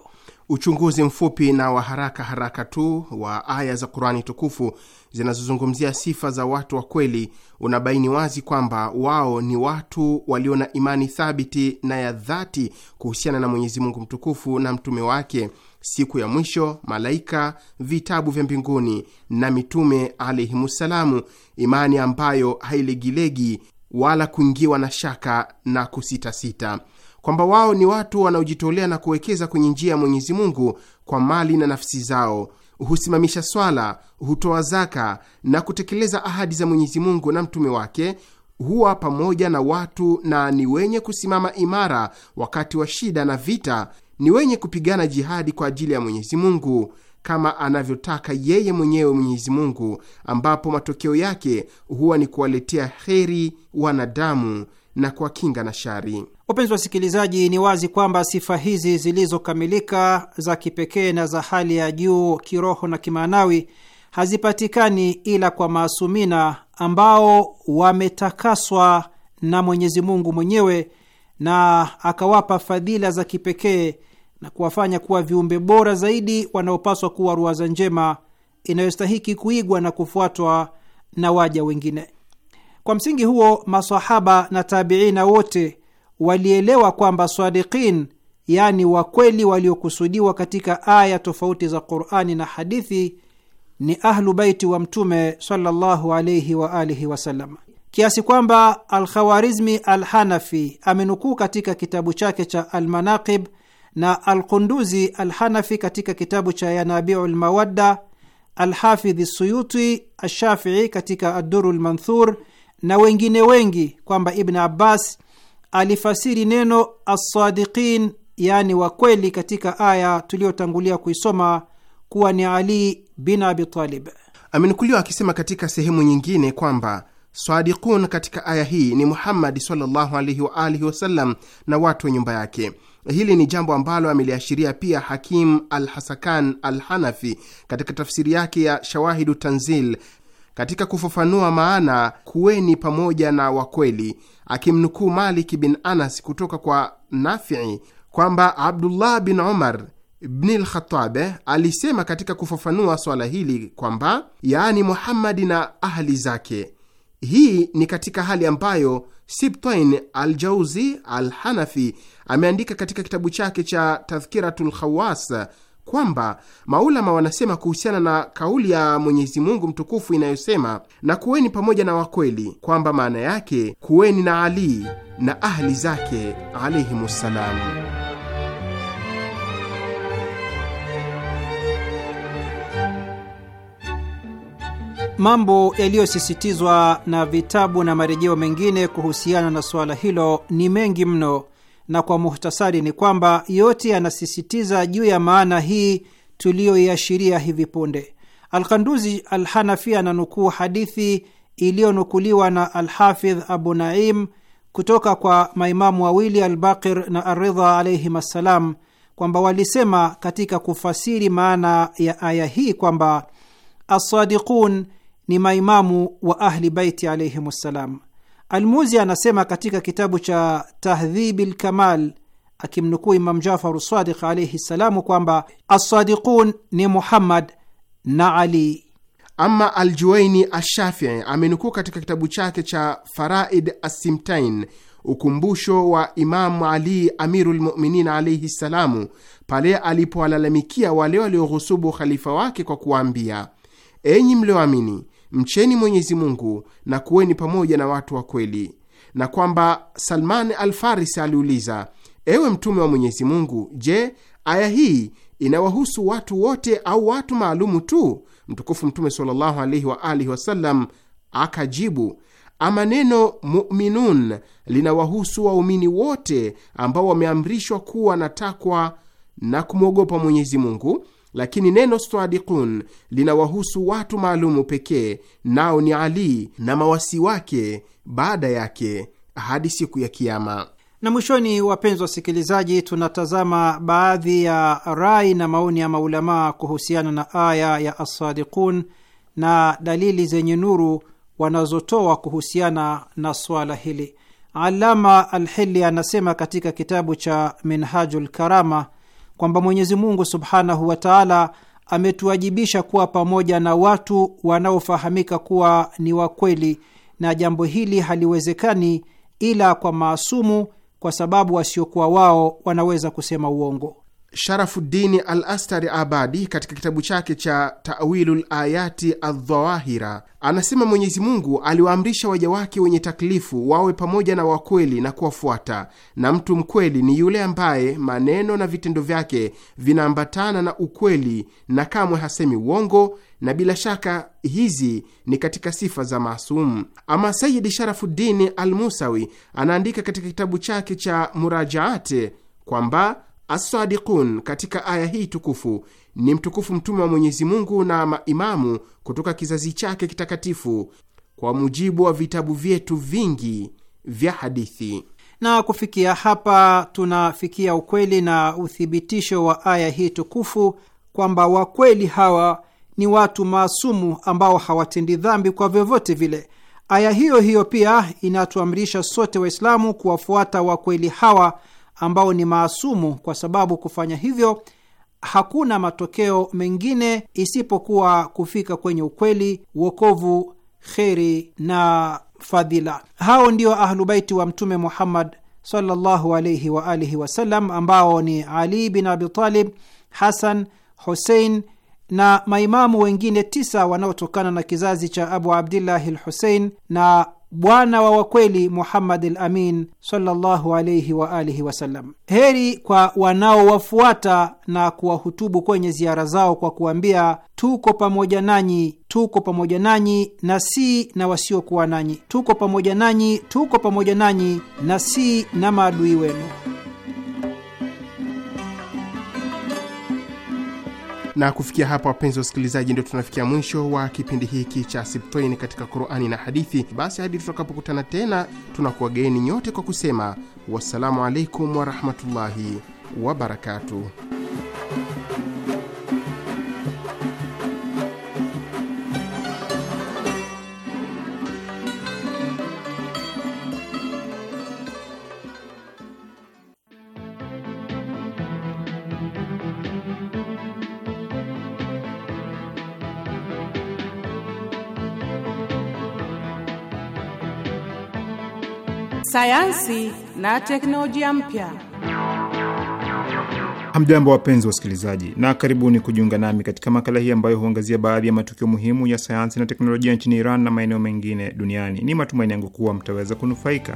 Uchunguzi mfupi na wa haraka haraka tu wa aya za Kurani tukufu zinazozungumzia sifa za watu wa kweli unabaini wazi kwamba wao ni watu walio na imani thabiti na ya dhati kuhusiana na Mwenyezi Mungu mtukufu na mtume wake, siku ya mwisho, malaika, vitabu vya mbinguni na mitume alaihimussalamu, imani ambayo hailegilegi wala kuingiwa na shaka na kusitasita kwamba wao ni watu wanaojitolea na kuwekeza kwenye njia ya Mwenyezi Mungu kwa mali na nafsi zao, husimamisha swala, hutoa zaka na kutekeleza ahadi za Mwenyezi Mungu na mtume wake, huwa pamoja na watu na ni wenye kusimama imara wakati wa shida na vita, ni wenye kupigana jihadi kwa ajili ya Mwenyezi Mungu kama anavyotaka yeye mwenyewe Mwenyezi Mungu, ambapo matokeo yake huwa ni kuwaletea heri wanadamu na kuwakinga na shari. Wapenzi wasikilizaji, ni wazi kwamba sifa hizi zilizokamilika za kipekee na za hali ya juu kiroho na kimaanawi hazipatikani ila kwa maasumina ambao wametakaswa na Mwenyezi Mungu mwenyewe na akawapa fadhila za kipekee na kuwafanya kuwa viumbe bora zaidi wanaopaswa kuwa ruwaza njema inayostahiki kuigwa na kufuatwa na waja wengine. Kwa msingi huo, masahaba na tabiina wote walielewa kwamba sadiqin, yani wakweli waliokusudiwa katika aya tofauti za Qurani na hadithi ni ahlu baiti wa Mtume sallallahu alayhi wa alihi wasallam, kiasi kwamba Alkhawarizmi Alhanafi amenukuu katika kitabu chake cha Almanaqib na Alqunduzi Alhanafi katika kitabu cha Yanabiu Lmawadda, Alhafidhi Suyuti Alshafii katika Adduru Lmanthur na wengine wengi kwamba Ibn Abbas alifasiri neno assadiqin, yani wakweli, katika aya tuliyotangulia kuisoma kuwa ni Ali bin Abi Talib. Amenukuliwa akisema katika sehemu nyingine kwamba sadiqun katika aya hii ni Muhammadi sallallahu alaihi wa alihi wasallam na watu wa nyumba yake. Hili ni jambo ambalo ameliashiria pia Hakim al Hasakan al Hanafi katika tafsiri yake ya Shawahidu Tanzil katika kufafanua maana kuweni pamoja na wakweli akimnukuu Malik bin Anas kutoka kwa Nafii kwamba Abdullah bin Umar bni Lkhatabe alisema katika kufafanua swala hili kwamba yaani Muhammadi na ahli zake. Hii ni katika hali ambayo Sibtain Aljauzi Alhanafi ameandika katika kitabu chake cha Tadhkiratu Lkhawas kwamba maulama wanasema kuhusiana na kauli ya Mwenyezi Mungu mtukufu inayosema na kuweni pamoja na wakweli, kwamba maana yake kuweni na Ali na ahli zake alaihimussalamu. Mambo yaliyosisitizwa na vitabu na marejeo mengine kuhusiana na suala hilo ni mengi mno na kwa muhtasari ni kwamba yote yanasisitiza juu ya maana hii tuliyoiashiria hivi punde. Alkanduzi Alhanafi ananukuu hadithi iliyonukuliwa na Alhafidh Abu Naim kutoka kwa maimamu wawili Albakir na Aridha alaihim assalam kwamba walisema katika kufasiri maana ya aya hii kwamba assadiqun ni maimamu wa Ahli Baiti alaihim assalam. Almuzi anasema katika kitabu cha Tahdhibi lkamal akimnukuu Imam Jafaru Sadiq alaihi ssalamu kwamba assadiqun ni Muhammad na Ali. Ama Aljuwaini Ashafii amenukuu katika kitabu chake cha Faraid Assimtain ukumbusho wa Imamu Ali Amiru lmuminin alaihi ssalamu pale alipowalalamikia wale walioghusubu ukhalifa wake kwa kuwaambia, enyi mlioamini mcheni Mwenyezi Mungu na kuweni pamoja na watu wa kweli, na kwamba Salman Alfarisi aliuliza, ewe Mtume wa Mwenyezi Mungu, je, aya hii inawahusu watu wote au watu maalumu tu? Mtukufu Mtume sallallahu alaihi wa alihi wasallam akajibu, ama neno muminun linawahusu waumini wote ambao wameamrishwa kuwa na takwa na kumwogopa Mwenyezi Mungu lakini neno sadiqun linawahusu watu maalumu pekee, nao ni Ali na mawasi wake baada yake hadi siku ya Kiama. Na mwishoni, wapenzi wasikilizaji, tunatazama baadhi ya rai na maoni ya maulamaa kuhusiana na aya ya Assadiqun na dalili zenye nuru wanazotoa kuhusiana na swala hili. Alama Alhili anasema katika kitabu cha Minhajul Karama kwamba Mwenyezi Mungu subhanahu wa taala ametuwajibisha kuwa pamoja na watu wanaofahamika kuwa ni wakweli, na jambo hili haliwezekani ila kwa maasumu, kwa sababu wasiokuwa wao wanaweza kusema uongo. Sharafuddini Al Astari Abadi katika kitabu chake cha Tawilul Ayati Aldhawahira anasema Mwenyezi Mungu aliwaamrisha waja wake wenye taklifu wawe pamoja na wakweli na kuwafuata, na mtu mkweli ni yule ambaye maneno na vitendo vyake vinaambatana na ukweli na kamwe hasemi uongo, na bila shaka hizi ni katika sifa za maasumu. Ama Sayidi Sharafuddini Al Musawi anaandika katika kitabu chake cha Murajaate kwamba Assadikun katika aya hii tukufu ni mtukufu mtume wa Mwenyezi Mungu na maimamu kutoka kizazi chake kitakatifu kwa mujibu wa vitabu vyetu vingi vya hadithi. Na kufikia hapa, tunafikia ukweli na uthibitisho wa aya hii tukufu kwamba wakweli hawa ni watu maasumu ambao hawatendi dhambi kwa vyovyote vile. Aya hiyo hiyo pia inatuamrisha sote Waislamu kuwafuata wakweli hawa ambao ni maasumu, kwa sababu kufanya hivyo hakuna matokeo mengine isipokuwa kufika kwenye ukweli, uokovu, kheri na fadhila. Hao ndio Ahlubaiti wa Mtume Muhammad sallallahu alaihi wa alihi wasallam, ambao ni Ali bin Abitalib, Hasan, Husein na maimamu wengine tisa wanaotokana na kizazi cha Abu Abdillahi lhusein na bwana wa wakweli Muhammad al Amin sallallahu wa alihi wasallam. Heri kwa wanaowafuata na kuwahutubu kwenye ziara zao kwa kuambia, tuko pamoja nanyi, tuko pamoja nanyi na si na wasiokuwa nanyi, tuko pamoja nanyi, tuko pamoja nanyi na si na maadui wenu. Na kufikia hapa, wapenzi wa usikilizaji, ndio tunafikia mwisho wa kipindi hiki cha Sibtain katika Qurani na Hadithi. Basi hadi tutakapokutana tena, tunakuwageni nyote kwa kusema wassalamu alaikum warahmatullahi wabarakatuh. sayansi na teknolojia mpya. Hamjambo, wapenzi wasikilizaji, na karibuni kujiunga nami katika makala hii ambayo huangazia baadhi ya matukio muhimu ya sayansi na teknolojia nchini Iran na maeneo mengine duniani. Ni matumaini yangu kuwa mtaweza kunufaika.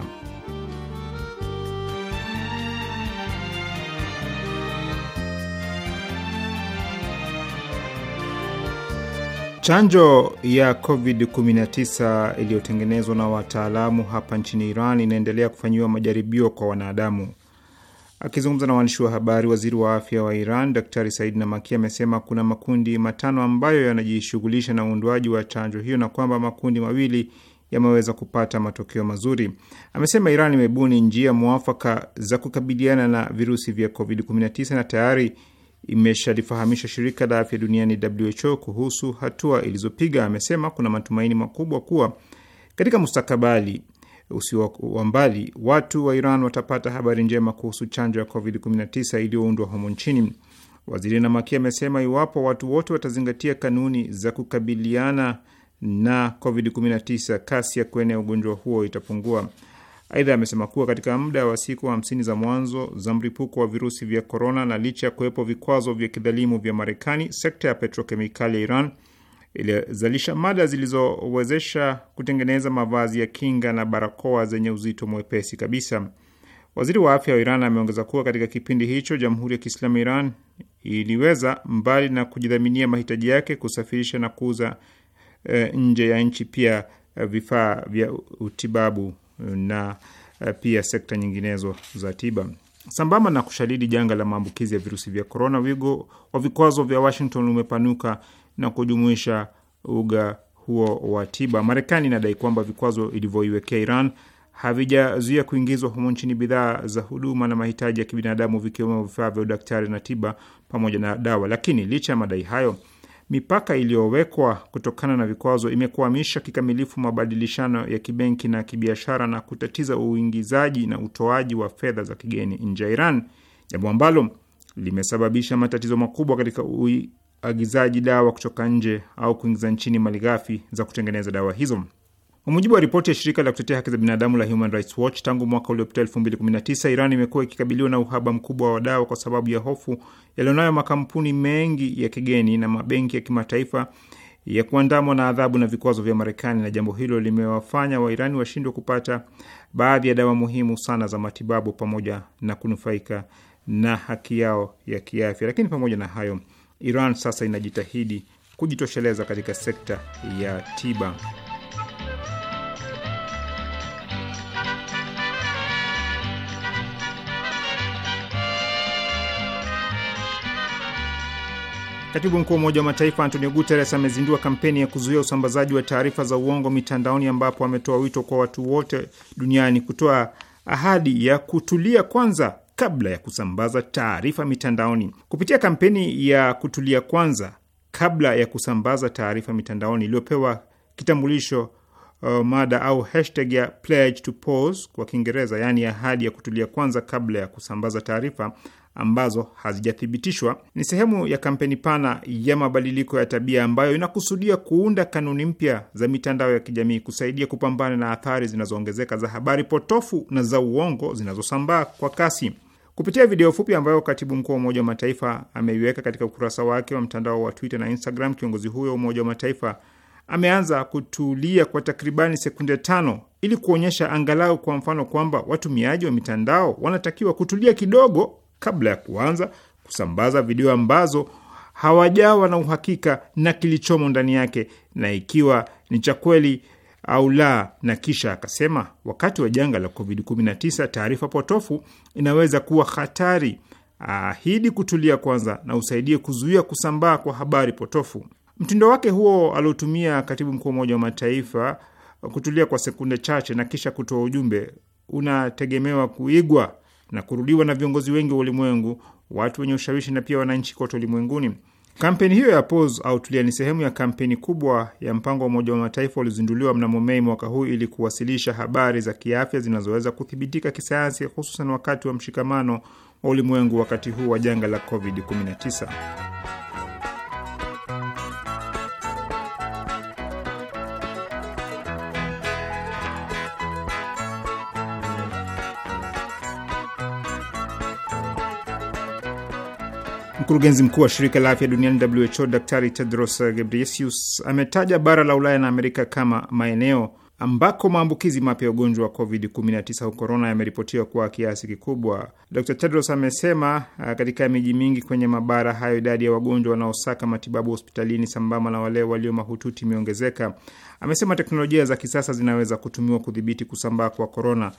Chanjo ya COVID-19 iliyotengenezwa na wataalamu hapa nchini Iran inaendelea kufanyiwa majaribio kwa wanadamu. Akizungumza na waandishi wa habari, waziri wa afya wa Iran Daktari Said Namaki amesema kuna makundi matano ambayo yanajishughulisha na uundwaji wa chanjo hiyo na kwamba makundi mawili yameweza kupata matokeo mazuri. Amesema Iran imebuni njia mwafaka za kukabiliana na virusi vya COVID-19 na tayari imeshalifahamisha shirika la afya duniani WHO kuhusu hatua ilizopiga. Amesema kuna matumaini makubwa kuwa katika mustakabali usio wa mbali watu wa Iran watapata habari njema kuhusu chanjo ya COVID-19 iliyoundwa humo nchini. Waziri Namaki amesema iwapo watu wote watazingatia kanuni za kukabiliana na COVID-19, kasi ya kuenea ugonjwa huo itapungua. Aidha, amesema kuwa katika muda wa siku hamsini za mwanzo za mlipuko wa virusi vya korona, na licha ya kuwepo vikwazo vya kidhalimu vya Marekani, sekta ya petrokemikali ya Iran ilizalisha mada zilizowezesha kutengeneza mavazi ya kinga na barakoa zenye uzito mwepesi kabisa. Waziri wa afya wa Iran ameongeza kuwa katika kipindi hicho Jamhuri ya Kiislamu Iran iliweza mbali na kujidhaminia mahitaji yake, kusafirisha na kuuza e, nje ya nchi pia e, vifaa vya utibabu na eh, pia sekta nyinginezo za tiba. Sambamba na kushadidi janga la maambukizi ya virusi vya korona, wigo wa vikwazo vya Washington umepanuka na kujumuisha uga huo wa tiba. Marekani inadai kwamba vikwazo ilivyoiwekea Iran havijazuia kuingizwa humo nchini bidhaa za huduma na mahitaji ya kibinadamu vikiwemo vifaa vya udaktari na tiba pamoja na dawa. Lakini licha ya madai hayo mipaka iliyowekwa kutokana na vikwazo imekwamisha kikamilifu mabadilishano ya kibenki na kibiashara na kutatiza uingizaji na utoaji wa fedha za kigeni nje ya Iran, jambo ambalo limesababisha matatizo makubwa katika uagizaji dawa kutoka nje au kuingiza nchini malighafi za kutengeneza dawa hizo. Kwa mujibu wa ripoti ya shirika la kutetea haki za binadamu la Human Rights Watch, tangu mwaka uliopita 2019 Iran imekuwa ikikabiliwa na uhaba mkubwa wa dawa kwa sababu ya hofu yaliyonayo makampuni mengi ya kigeni na mabenki ya kimataifa ya kuandamwa na adhabu na vikwazo vya Marekani, na jambo hilo limewafanya Wairani washindwe kupata baadhi ya dawa muhimu sana za matibabu pamoja na kunufaika na haki yao ya kiafya. Lakini pamoja na hayo, Iran sasa inajitahidi kujitosheleza katika sekta ya tiba. Katibu mkuu wa Umoja wa Mataifa Antonio Guterres amezindua kampeni ya kuzuia usambazaji wa taarifa za uongo mitandaoni, ambapo ametoa wito kwa watu wote duniani kutoa ahadi ya kutulia kwanza kabla ya kusambaza taarifa mitandaoni. Kupitia kampeni ya kutulia kwanza kabla ya kusambaza taarifa mitandaoni iliyopewa kitambulisho uh, mada au hashtag ya pledge to pause kwa Kiingereza, yaani ahadi ya kutulia kwanza kabla ya kusambaza taarifa, ambazo hazijathibitishwa ni sehemu ya kampeni pana ya mabadiliko ya tabia ambayo inakusudia kuunda kanuni mpya za mitandao ya kijamii kusaidia kupambana na athari zinazoongezeka za habari potofu na za uongo zinazosambaa kwa kasi. Kupitia video fupi ambayo katibu mkuu wa Umoja wa Mataifa ameiweka katika ukurasa wake wa mtandao wa Twitter na Instagram, kiongozi huyo wa Umoja wa Mataifa ameanza kutulia kwa takribani sekunde tano ili kuonyesha angalau kwa mfano kwamba watumiaji wa mitandao wanatakiwa kutulia kidogo kabla ya kuanza kusambaza video ambazo hawajawa na uhakika na kilichomo ndani yake na ikiwa ni cha kweli au la. Na kisha akasema, wakati wa janga la COVID-19 taarifa potofu inaweza kuwa hatari. Ahidi kutulia kwanza na usaidie kuzuia kusambaa kwa habari potofu. Mtindo wake huo aliotumia katibu mkuu wa Umoja wa Mataifa, kutulia kwa sekunde chache na kisha kutoa ujumbe, unategemewa kuigwa na kurudiwa na viongozi wengi wa ulimwengu, watu wenye ushawishi na pia wananchi kote ulimwenguni. Kampeni hiyo ya Pause au tulia ni sehemu ya kampeni kubwa ya mpango wa Umoja wa Mataifa uliozinduliwa mnamo Mei mwaka huu ili kuwasilisha habari za kiafya zinazoweza kuthibitika kisayansi, hususan wakati wa mshikamano wa ulimwengu wakati huu wa janga la COVID-19. Mkurugenzi mkuu wa shirika la afya duniani WHO Daktari Tedros Ghebreyesus ametaja bara la Ulaya na Amerika kama maeneo ambako maambukizi mapya ya ugonjwa wa COVID-19 au korona yameripotiwa kwa kiasi kikubwa. Dr Tedros amesema uh, katika miji mingi kwenye mabara hayo idadi ya wagonjwa wanaosaka matibabu hospitalini sambamba na wale walio mahututi imeongezeka. Amesema teknolojia za kisasa zinaweza kutumiwa kudhibiti kusambaa kwa korona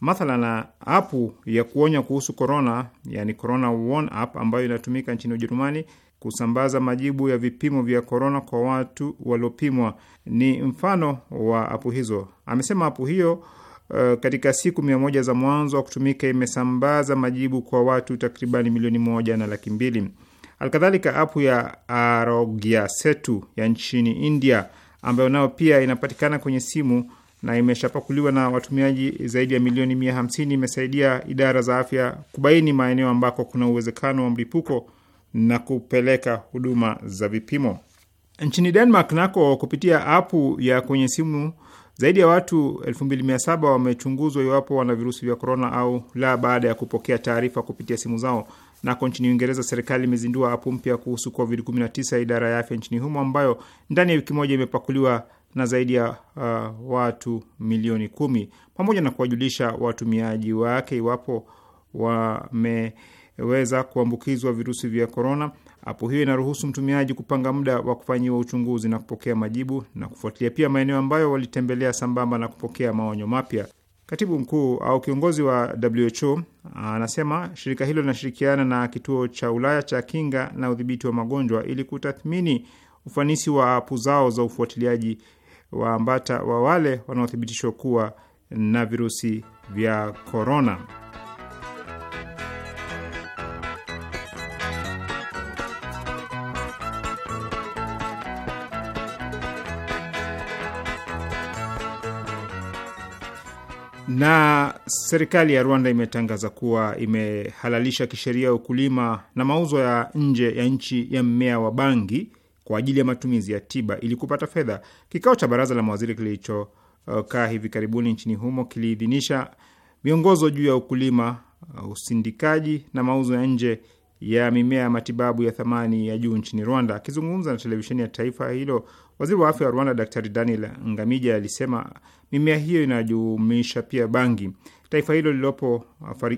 na apu ya kuonya kuhusu corona, yani corona warn app, ambayo inatumika nchini Ujerumani kusambaza majibu ya vipimo vya corona kwa watu waliopimwa ni mfano wa apu hizo. Amesema apu hiyo uh, katika siku mia moja za mwanzo wa kutumika imesambaza majibu kwa watu takribani milioni moja na laki mbili. Alkadhalika, apu ya Arogya Setu ya nchini India ambayo nayo pia inapatikana kwenye simu na imeshapakuliwa na watumiaji zaidi ya milioni mia hamsini imesaidia idara za afya kubaini maeneo ambako kuna uwezekano wa mlipuko na kupeleka huduma za vipimo. Nchini Denmark nako, kupitia apu ya kwenye simu, zaidi ya watu 2700 wamechunguzwa iwapo wana virusi vya korona au la, baada ya kupokea taarifa kupitia simu zao. Nako nchini Uingereza, serikali imezindua apu mpya kuhusu COVID-19 idara ya afya nchini humo, ambayo ndani ya wiki moja imepakuliwa na zaidi ya uh, watu milioni kumi pamoja na kuwajulisha watumiaji wake iwapo wameweza kuambukizwa virusi vya korona. Apu hiyo inaruhusu mtumiaji kupanga muda wa kufanyiwa uchunguzi na kupokea majibu na kufuatilia pia maeneo ambayo walitembelea, sambamba na kupokea maonyo mapya. Katibu mkuu au kiongozi wa WHO anasema shirika hilo linashirikiana na kituo cha Ulaya cha kinga na udhibiti wa magonjwa ili kutathmini ufanisi wa apu zao za ufuatiliaji waambata wa wale wanaothibitishwa kuwa na virusi vya korona. Na serikali ya Rwanda imetangaza kuwa imehalalisha kisheria ukulima na mauzo ya nje ya nchi ya mmea wa bangi kwa ajili ya matumizi ya tiba ili kupata fedha. Kikao cha baraza la mawaziri kilichokaa uh, hivi karibuni nchini humo kiliidhinisha miongozo juu ya ukulima, uh, usindikaji na mauzo ya nje ya mimea ya matibabu ya thamani ya juu nchini Rwanda. Akizungumza na televisheni ya taifa hilo, waziri wa afya wa Rwanda Dr. Daniel Ngamija alisema mimea hiyo inajumuisha pia bangi. Taifa hilo lililopo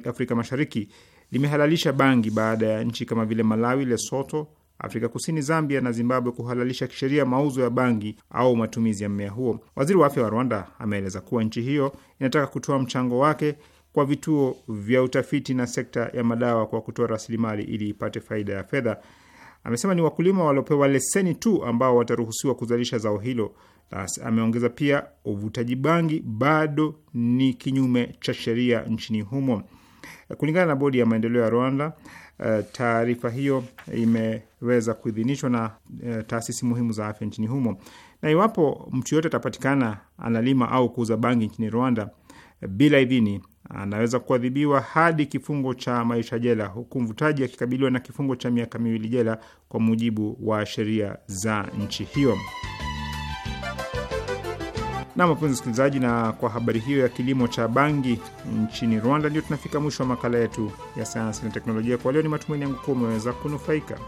Afrika Mashariki limehalalisha bangi baada ya nchi kama vile Malawi, Lesoto, Afrika Kusini, Zambia na Zimbabwe kuhalalisha kisheria mauzo ya bangi au matumizi ya mmea huo. Waziri wa afya wa Rwanda ameeleza kuwa nchi hiyo inataka kutoa mchango wake kwa vituo vya utafiti na sekta ya madawa kwa kutoa rasilimali ili ipate faida ya fedha. Amesema ni wakulima waliopewa leseni tu ambao wataruhusiwa kuzalisha zao hilo. Ameongeza pia uvutaji bangi bado ni kinyume cha sheria nchini humo. Kulingana na bodi ya maendeleo ya Rwanda, Eh, taarifa hiyo imeweza kuidhinishwa na eh, taasisi muhimu za afya nchini humo, na iwapo mtu yoyote atapatikana analima au kuuza bangi nchini Rwanda eh, bila idhini anaweza kuadhibiwa hadi kifungo cha maisha jela, huku mvutaji akikabiliwa na kifungo cha miaka miwili jela kwa mujibu wa sheria za nchi hiyo. Na mapenzi msikilizaji, na kwa habari hiyo ya kilimo cha bangi nchini Rwanda, ndio tunafika mwisho wa makala yetu ya sayansi na teknolojia kwa leo. Ni matumaini yangu kuwa umeweza kunufaika.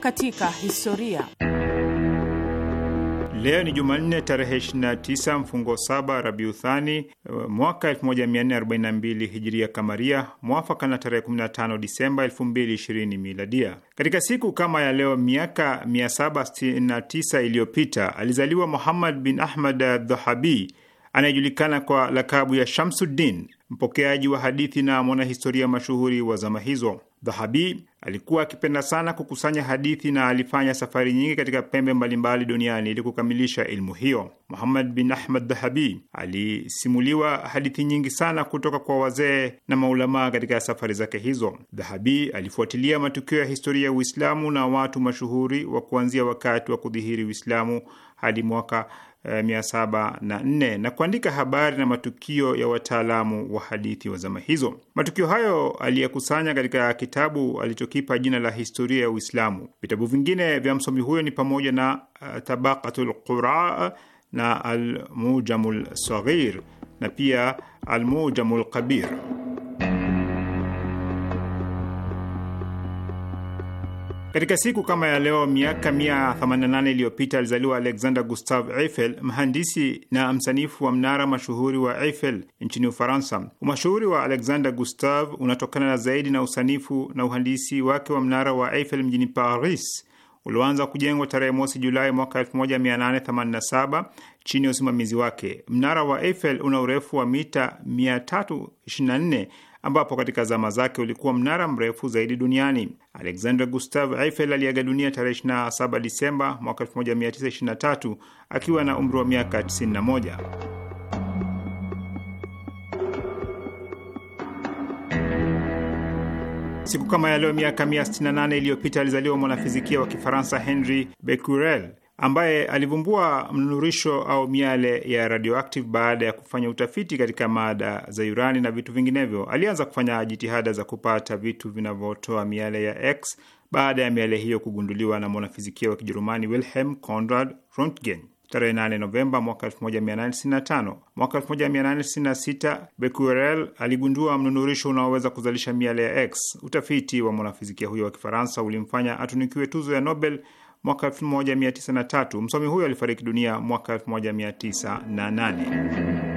katika historia. Leo ni Jumanne tarehe 29 mfungo saba Rabiuthani mwaka 1442 hijiria kamaria, mwafaka na tarehe 15 Disemba 2020 miladia. Katika siku kama ya leo miaka 769 iliyopita alizaliwa Muhammad bin Ahmad Dhahabi anayejulikana kwa lakabu ya Shamsuddin, mpokeaji wa hadithi na mwanahistoria mashuhuri wa zama hizo. Dhahabi alikuwa akipenda sana kukusanya hadithi na alifanya safari nyingi katika pembe mbalimbali duniani ili kukamilisha elimu hiyo. Muhammad bin Ahmad Dhahabi alisimuliwa hadithi nyingi sana kutoka kwa wazee na maulamaa katika safari zake hizo. Dhahabi alifuatilia matukio ya historia ya Uislamu na watu mashuhuri wa kuanzia wakati wa kudhihiri Uislamu hadi mwaka 704 eh, na kuandika habari na matukio ya wataalamu wa hadithi wa zama hizo. Matukio hayo aliyekusanya katika kitabu alichokipa jina la Historia ya Uislamu. Vitabu vingine vya msomi huyo ni pamoja na eh, Tabaqatul Qura na Almujamul Saghir na pia Almujamul Kabir. Katika siku kama ya leo miaka 188 iliyopita alizaliwa Alexander Gustave Eiffel, mhandisi na msanifu wa mnara mashuhuri wa Eiffel nchini Ufaransa. Umashuhuri wa Alexander Gustave unatokana na zaidi na usanifu na uhandisi wake wa mnara wa Eiffel mjini Paris ulioanza kujengwa tarehe mosi Julai mwaka 1887 chini ya usimamizi wake. Mnara wa Eiffel una urefu wa mita 324 ambapo katika zama zake ulikuwa mnara mrefu zaidi duniani. Alexander gustave Eiffel aliaga dunia tarehe 27 Disemba mwaka 1923 akiwa na umri wa miaka 91. Siku kama ya leo miaka 168 iliyopita alizaliwa mwanafizikia wa Kifaransa Henri Becquerel ambaye alivumbua mnunurisho au miale ya radioactive baada ya kufanya utafiti katika mada za urani na vitu vinginevyo. Alianza kufanya jitihada za kupata vitu vinavyotoa miale ya X baada ya miale hiyo kugunduliwa na mwanafizikia wa Kijerumani Wilhelm Conrad Rontgen tarehe 8 Novemba mwaka 1895. Mwaka 1896 Becquerel aligundua mnunurisho unaoweza kuzalisha miale ya X. Utafiti wa mwanafizikia huyo wa Kifaransa ulimfanya atunikiwe tuzo ya Nobel mwaka 1903. Msomi huyo alifariki dunia mwaka 1908.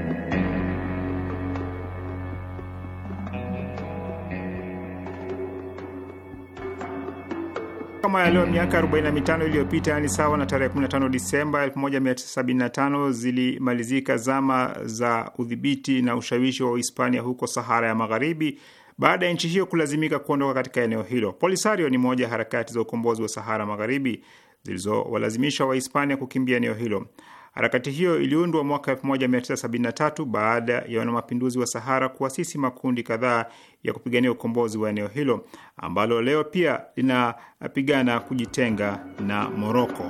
Kama ya leo miaka 45 iliyopita, yani sawa na tarehe 15 Disemba 1975 zilimalizika zama za udhibiti na ushawishi wa Uhispania huko Sahara ya Magharibi baada ya nchi hiyo kulazimika kuondoka katika eneo hilo. Polisario ni moja ya harakati za ukombozi wa Sahara Magharibi zilizowalazimisha Wahispania kukimbia eneo hilo. Harakati hiyo iliundwa mwaka 1973 baada ya wanamapinduzi wa Sahara kuasisi makundi kadhaa ya kupigania ukombozi wa eneo hilo ambalo leo pia linapigana kujitenga na Moroko.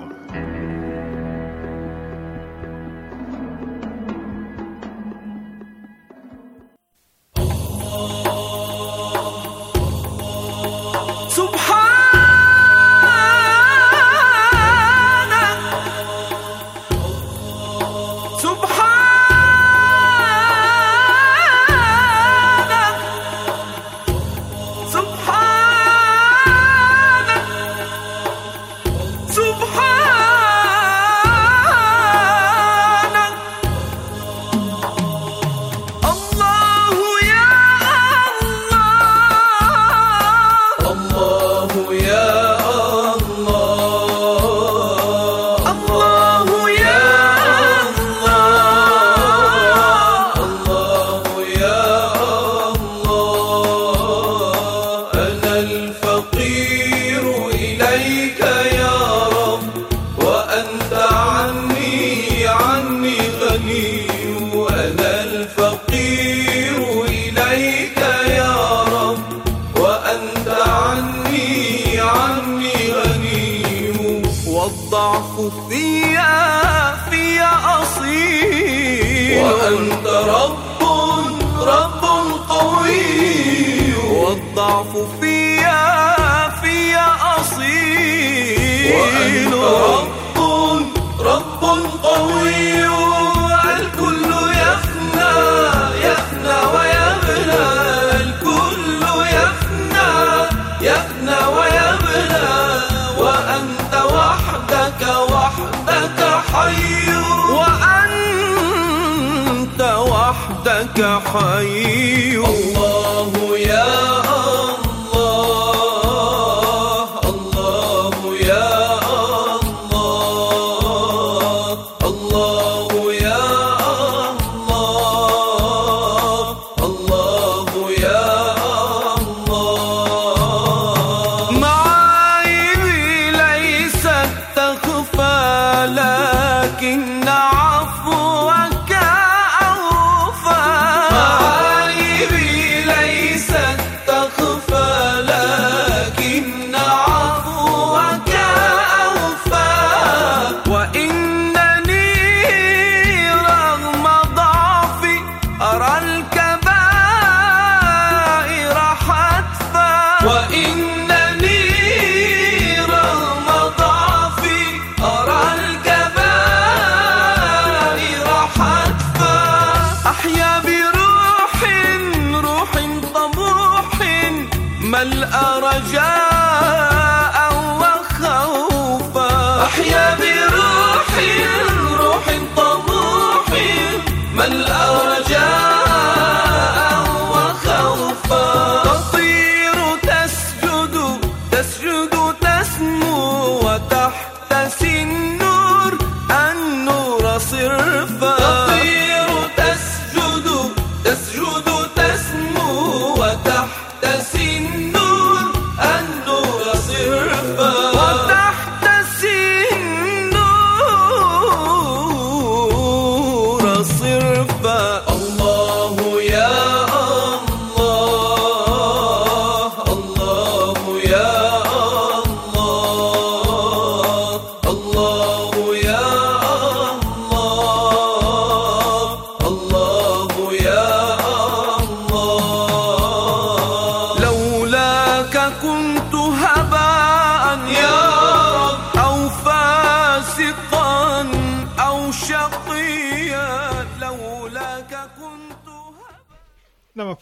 حي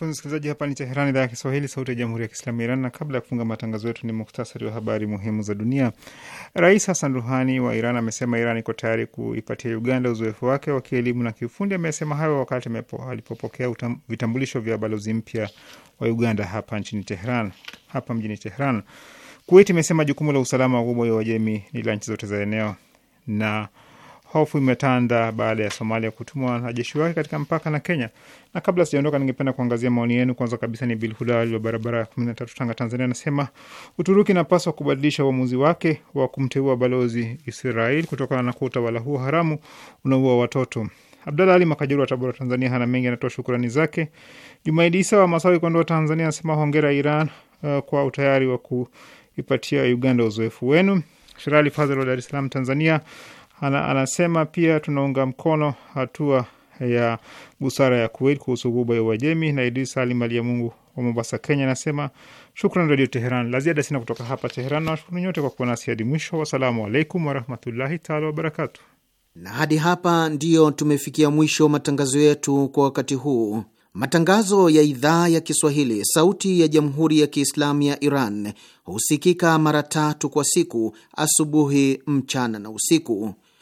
wapenzi msikilizaji, hapa ni Teheran, idhaa ya Kiswahili, sauti ya jamhuri ya kiislamu ya Iran. Na kabla ya kufunga matangazo yetu, ni muhtasari wa habari muhimu za dunia. Rais Hassan Ruhani wa Iran amesema Iran iko tayari kuipatia Uganda uzoefu wake wa kielimu na kiufundi. Amesema hayo wakati alipopokea vitambulisho vya balozi mpya wa Uganda hapa nchini Teheran, hapa mjini Teheran. Kuwait imesema jukumu la usalama wa ghuba ya Uajemi ni la nchi zote za eneo na hofu imetanda baada ya Somalia kutuma wanajeshi wake katika mpaka na Kenya. Na kabla sijaondoka, ningependa kuangazia maoni yenu. Kwanza kabisa ni Bil Hulal wa barabara ya kumi na tatu, Tanga, Tanzania, anasema Uturuki inapaswa kubadilisha uamuzi wake wa kumteua balozi Israel kutokana na kuwa utawala huo haramu unaua watoto. Abdalah Ali Makajuru wa Tabora, Tanzania, hana mengi, anatoa shukurani zake. Jumaidi Isa wa Masawi, Kondoa, Tanzania, anasema hongera Iran uh, kwa utayari wa kuipatia Uganda uzoefu wenu. Shirali Fadhil wa Dar es Salaam, Tanzania, ana, anasema pia tunaunga mkono hatua ya busara ya Kuwait kuhusu ghuba ya Uajemi. Na Idris Ali mali ya Mungu wa Mombasa, Kenya anasema shukran Radio Teheran. La ziada sina kutoka hapa Teheran, na washukuru nyote kwa kuwa nasi hadi mwisho. Wassalamu alaikum warahmatullahi taala wabarakatu. Na hadi hapa ndiyo tumefikia mwisho matangazo yetu kwa wakati huu. Matangazo ya idhaa ya Kiswahili sauti ya jamhuri ya Kiislamu ya Iran husikika mara tatu kwa siku: asubuhi, mchana na usiku